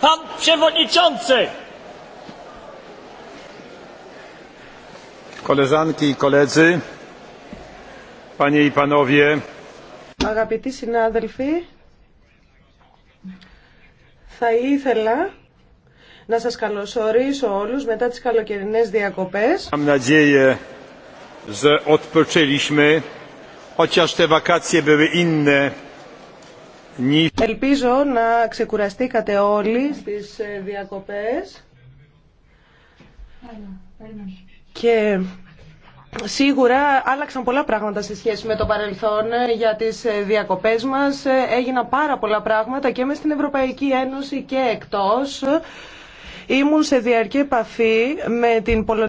Pan Przewodniczący! Koleżanki i koledzy, Panie i Panowie. Αγαπητοί συνάδελφοι, θα ήθελα να σας καλωσορίσω όλους μετά τις καλοκαιρινές διακοπές. Mam nadzieję, że odpoczęliśmy, chociaż te wakacje były inne Ελπίζω να ξεκουραστήκατε όλοι στις ε, διακοπές και σίγουρα άλλαξαν πολλά πράγματα σε σχέση με το παρελθόν ε, για τις ε, διακοπές μας. Έγιναν πάρα πολλά πράγματα και με στην Ευρωπαϊκή Ένωση και εκτός. Ήμουν σε διαρκή επαφή με την Πολωνία.